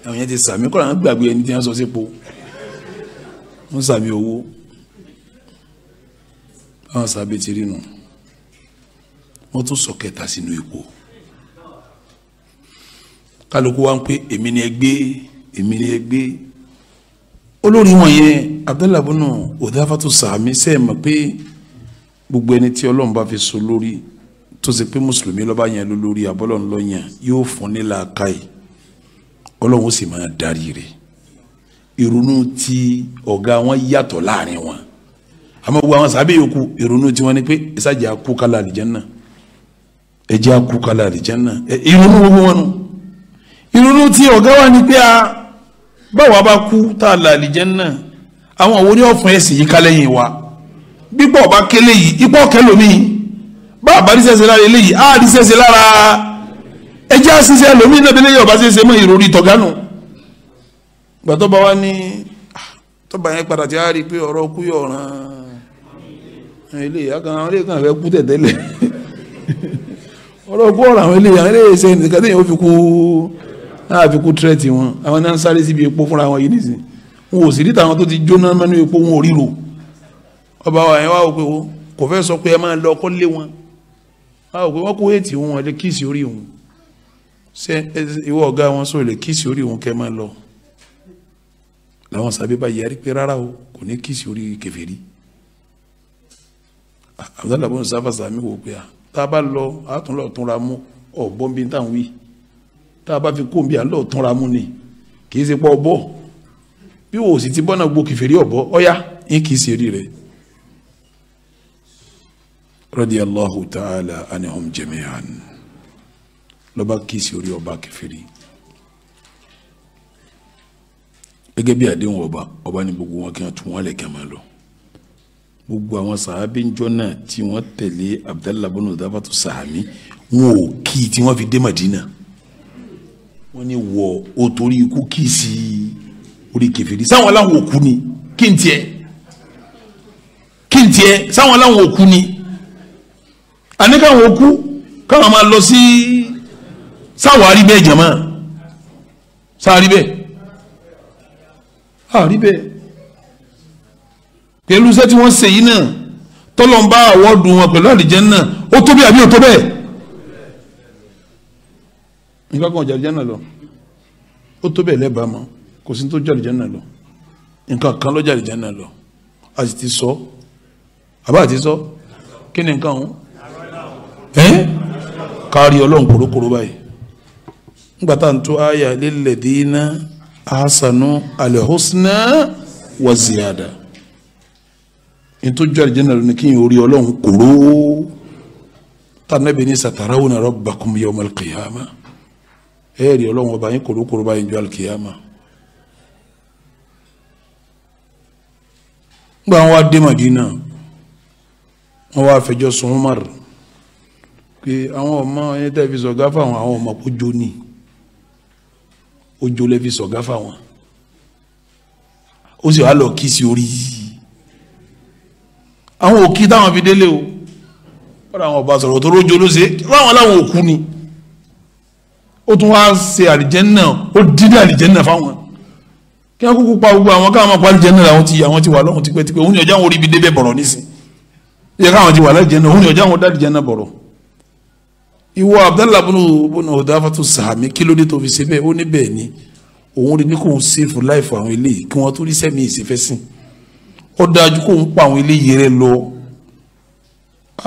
àwọn yẹn ti sàmí kọ́ra wọn gbàgbé ẹni tí wọ́n sọ sípò wọ́n sàmí owó àwọn sàbẹ̀ ti rí nù wọ́n tún sọ kẹta sínú epo kálukú wa ń pé èmi ni ẹ gbé èmi ni ẹ gbé olórí wọn yẹn abdullahi bunu odafatu sàmì sẹ ẹ mọ̀ pé gbogbo ẹni tí ọlọ́run bá fi so lórí tó ṣe pé mùsùlùmí lọ́ba yẹn ló lórí abọ́lọ́run lọ́yàn yóò fún ní làákàyè ọlọ́run ó sì máa darí rẹ̀ ìrònú tí ọ̀gá wọn yàtọ̀ láàrin wọn àmọ́ gbogbo àwọn sábẹ́ yòókù ìrònú tí wọ́n ní pé ìsájà kú kálá àlìjẹ́nà ẹ̀jẹ̀ kú kálá àlìjẹ́nà ìrònú gbogbo wọn nù ìrònú tí ọ̀gá wa ni pé a báwa bá kú tá a là àlìjánnà àwọn àwòrán ọ̀fun ẹ̀sìn yìí kálẹ̀ yìí wa bípọ̀ ọba kélé yìí ipò kẹlòmíì bàbá rí sẹ́sẹ́ lára eléyìí á rí sẹ́sẹ́ lára ẹjẹ́ àṣìṣe lòmíì náà bẹ́lẹ́ yìí ọba ṣẹṣẹ mọ́ ìròrí tọ̀gánù gbàtọ́ bá wá ní ah, tọ́ba yẹn padà tí a rí pé ọ̀rọ̀ kú yọ̀ ọ̀ràn eléyìí àkàrà àwọn eléyìí kan fẹ́ kú tẹ̀tẹ̀lẹ̀ ọ̀rọ̀ kú ọ̀ràn àwọn eléyìí àwọn eléyìí ṣe nìkan tẹ̀yìn ó fi kú náà fi kú tírẹ̀tì wọn àwọn náà ń sáré síbi epo fúnra wọn yìí nìsín wọn ò sì rí tàwọn tó ti jóná mẹ́nu epo wọn ò ríro ọba wa yẹn wá wò pé o kò fẹ́ sọ pé ẹ máa lọ ọkọ lé wọn wá wò pé wọ́n kó ètì wọn ẹ lè kíìsì orí wọn ṣé ìwọ ọ̀gá wọn sọ lè kíìsì orí wọn kẹ́ máa lọ làwọn sábẹ́ bá yẹrí pé rárá o kò ní kíìsì orí kèfèrí abdallah bọ́n sábà sàmì wò pé a tá a bá lọ àtúnlọ̀ túnra mú ọ̀ bọ́m̀bí táwọn wí tá a bá fi kó omi à ń lọ tún ra mú ni kì í ṣe pọ ọbọ bí wò ó sì ti bọ́nà gbó kìfèrí ọ̀bọ ọ̀yá ń kì í ṣe rí rẹ̀ radiyallahu ta'ala anihum jami'an lọ́ba kì í ṣe orí ọba kìfèrí gẹ́gẹ́ bí àdéhùn ọba ọba ní gbogbo wọn kí wọ́n tún wọn lẹ̀ kí wọ́n máa lọ gbogbo àwọn sàábí ń jọ́nà tí wọ́n tẹ̀lé abdallah bọ́nù dábàtú sàámi wọn ò kí tí wọ́n fi dé madina wọ́n ní wọ o torí ikú kì í sí orí kẹfìrí sáwọn aláwọ̀ òkú ni kí n tiẹ̀ kí n tiẹ̀ sáwọn aláwọ̀ òkú ni àníkàwọn òkú káwọn máa lọ sí sáwọn àrí bẹ́ẹ̀ jẹ̀mọ́ sáàrí bẹ́ẹ̀ àrí bẹ́ẹ̀ pẹ̀lú iṣẹ́ tí wọ́n ṣe yìí náà tọ́lọ́mbà àwọ̀dùn wọn pẹ̀lú àlìjẹ́ náà ó tó bẹ́ẹ̀ àbí ó tó bẹ́ẹ̀ nǹkan kan jàdìjẹ́ náà lọ ó tó bẹ́ẹ̀ lẹ́bàá mọ́ kò sí tó jàdìjẹ́ náà lọ nǹkan kan lọ jàdìjẹ́ náà lọ a sì ti sọ àbá àti sọ kí ni nǹkan ọ̀hún ẹ́ kárí ọlọ́run kòrókòró báyìí nígbà tá à ń tó àyà lilladhina ahsanu al-husna wa ziyada ìtọ́jú àdìjẹ́ náà lọ ni kí n orí ọlọ́run kòró tànàbí ní satarawna rabbakum yawmal qiyamah ẹ̀ẹ́rì ọlọ́run ọba yín kòrókòrò báyìí ju alkiyama gbà wọn wá dé Madina wọn wá fẹjọ́ sùn Umar pé àwọn ọmọ ẹni tẹ́ fi sọ̀gá fáwọn àwọn ọmọ kó jó ní ojú lẹ́ fi sọ̀gá fáwọn ó sì wá lọ kí sí orí yìí àwọn òkí táwọn fi délé o wọ́n àwọn ọba sọ̀rọ̀ tó rójó ló ṣe láwọn láwọn òkú ni ó tún wá ṣe àlìjẹ́nà ó dídá àlìjẹ́nà fáwọn kí wọ́n kúkú pa gbogbo àwọn káwọn máa pa àlìjẹ́nà làwọn ti àwọn ti wà lọ́hùn tipẹ́tipẹ́ òun ni ọjà àwọn orí ibi débẹ̀ bọ̀rọ̀ nísìn yẹ káwọn ti wà àlìjẹ́nà òun ni ọjà àwọn dá àlìjẹ́nà bọ̀rọ̀ ìwọ abdallah bunu bunu odafatu sahami kí ló dé tó ṣe bẹ́ẹ̀ ó ní bẹ́ẹ̀ ni òun rí ní kò ń sèfù láìfọ àwọn eléyìí kí wọ́n tó rí sẹ́mi ìsìnfẹ́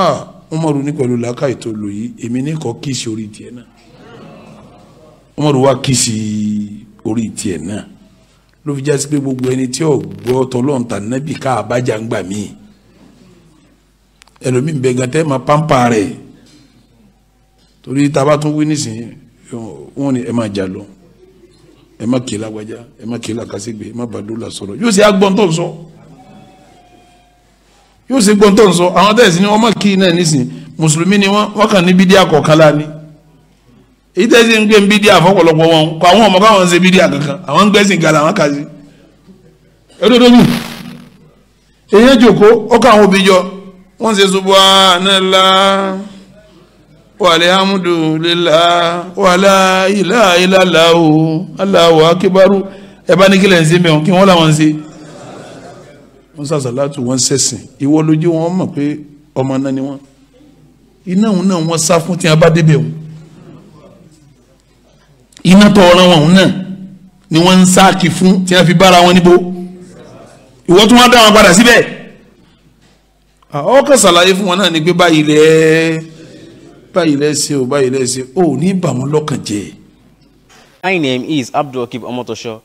ah wọ́n mọ̀ ronú pẹ̀lú làákàyè tó lò yìí Umaru wá kí sí orí tiẹ̀ náà ló fi jásí pé gbogbo ẹni tí ò gbọ́ tọ́lọ́n tà nábì ká àbájá ń gbà mí ẹlòmíì bẹ gan tẹ́ ma pampa rẹ̀ torí taba tún wí nísìnyí wọn ni ẹ máa jà lọ ẹ má kí lágbájá ẹ má kí làkàṣègbè ẹ má bàdúrà sọ̀rọ̀ yóò ṣe agbọ́n sọ yóò ṣe gbọ́n sọ àwọn tẹ̀sí ni wọ́n má kí náà nísìnyí mùsùlùmí ni wọ́n wọ́n kàn níbi díà kọ̀ọ̀kan láà èyí tẹ́ ṣe ń gbé bídíà fọ́pọ̀lọpọ̀ wọn kọ àwọn ọmọ káwọn ń ṣe bídíà kankan àwọn ń gbẹ́sìn gan làwọn kà sí. ẹdọdọdún èyí jòkó ó kọ àwọn òbí jọ wọ́n ṣe subhanallah walhamdulillah wala ilaha illallah Allahu akbar ẹ bá ní kílẹ̀ ń ṣe mẹ́wọ̀n kí wọ́n làwọn ń ṣe. wọ́n sàṣàlátù wọ́n ṣẹ̀sìn ìwọ wọn mọ̀ pé ọmọ náà ni wọ́n iná òun náà wọ́n sá fún tí wọ́n bá débẹ̀ wọn iná tọ ọ̀ràn wọn náà ni wọ́n ń sáàkì fún tí wọ́n fi bára wọn níbo ìwọ́n tún wá dá wọn padà síbẹ̀ ọkọ̀ ṣàlàyé fún wọn náà ni pé báyìí lẹ́ẹ́ báyìí lẹ́sẹ̀ o báyìí lẹ́sẹ̀ o ní bà wọ́n lọ́kàn jẹ́. My name is Abdulkib Omotosho.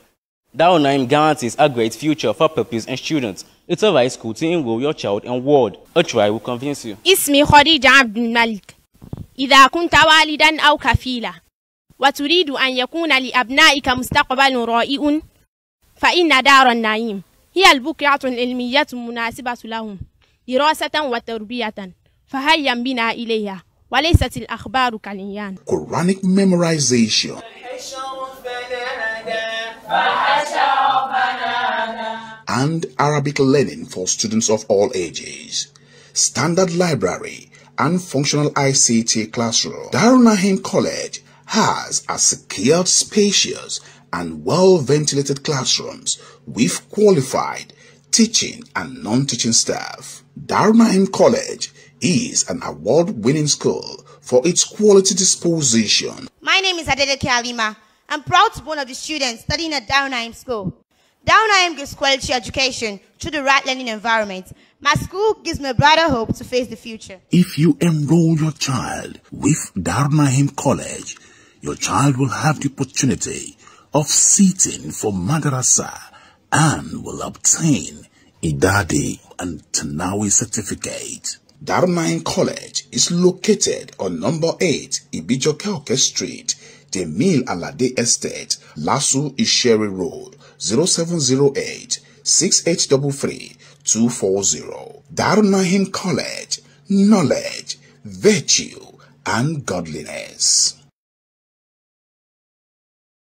That one name guarantees a great future for pupils and students. It's a right school to enroll your child and ward. A try will convince you. Ismi Khadija Abdul Malik. إذا كنت والدا أو كفيلا وتريد أن يكون لأبنائك مستقبل رائع فإن دار النعيم هي البقعة العلمية المناسبة لهم دراسة وتربية فهيا بنا إليها وليست الأخبار كالإنيان Quranic memorization and Arabic learning for students of all ages. Standard library and functional ICT classroom. Darunahim College has a secured spacious and well-ventilated classrooms with qualified teaching and non-teaching staff. Darmaim College is an award-winning school for its quality disposition. My name is Adele Alima. I'm proud to be one of the students studying at Downheim School. Downheim gives quality education through the right learning environment. My school gives me a brighter hope to face the future. If you enroll your child with Darnaheim College, your child will have the opportunity of sitting for madrasa and will obtain Idadi and Tanawi certificate. Darmine College is located on number 8 Ibijokeoke Street, Demil Alade Estate, Lasu Isheri Road, 0708 6833 240. Darunahim College, Knowledge, Virtue, and Godliness.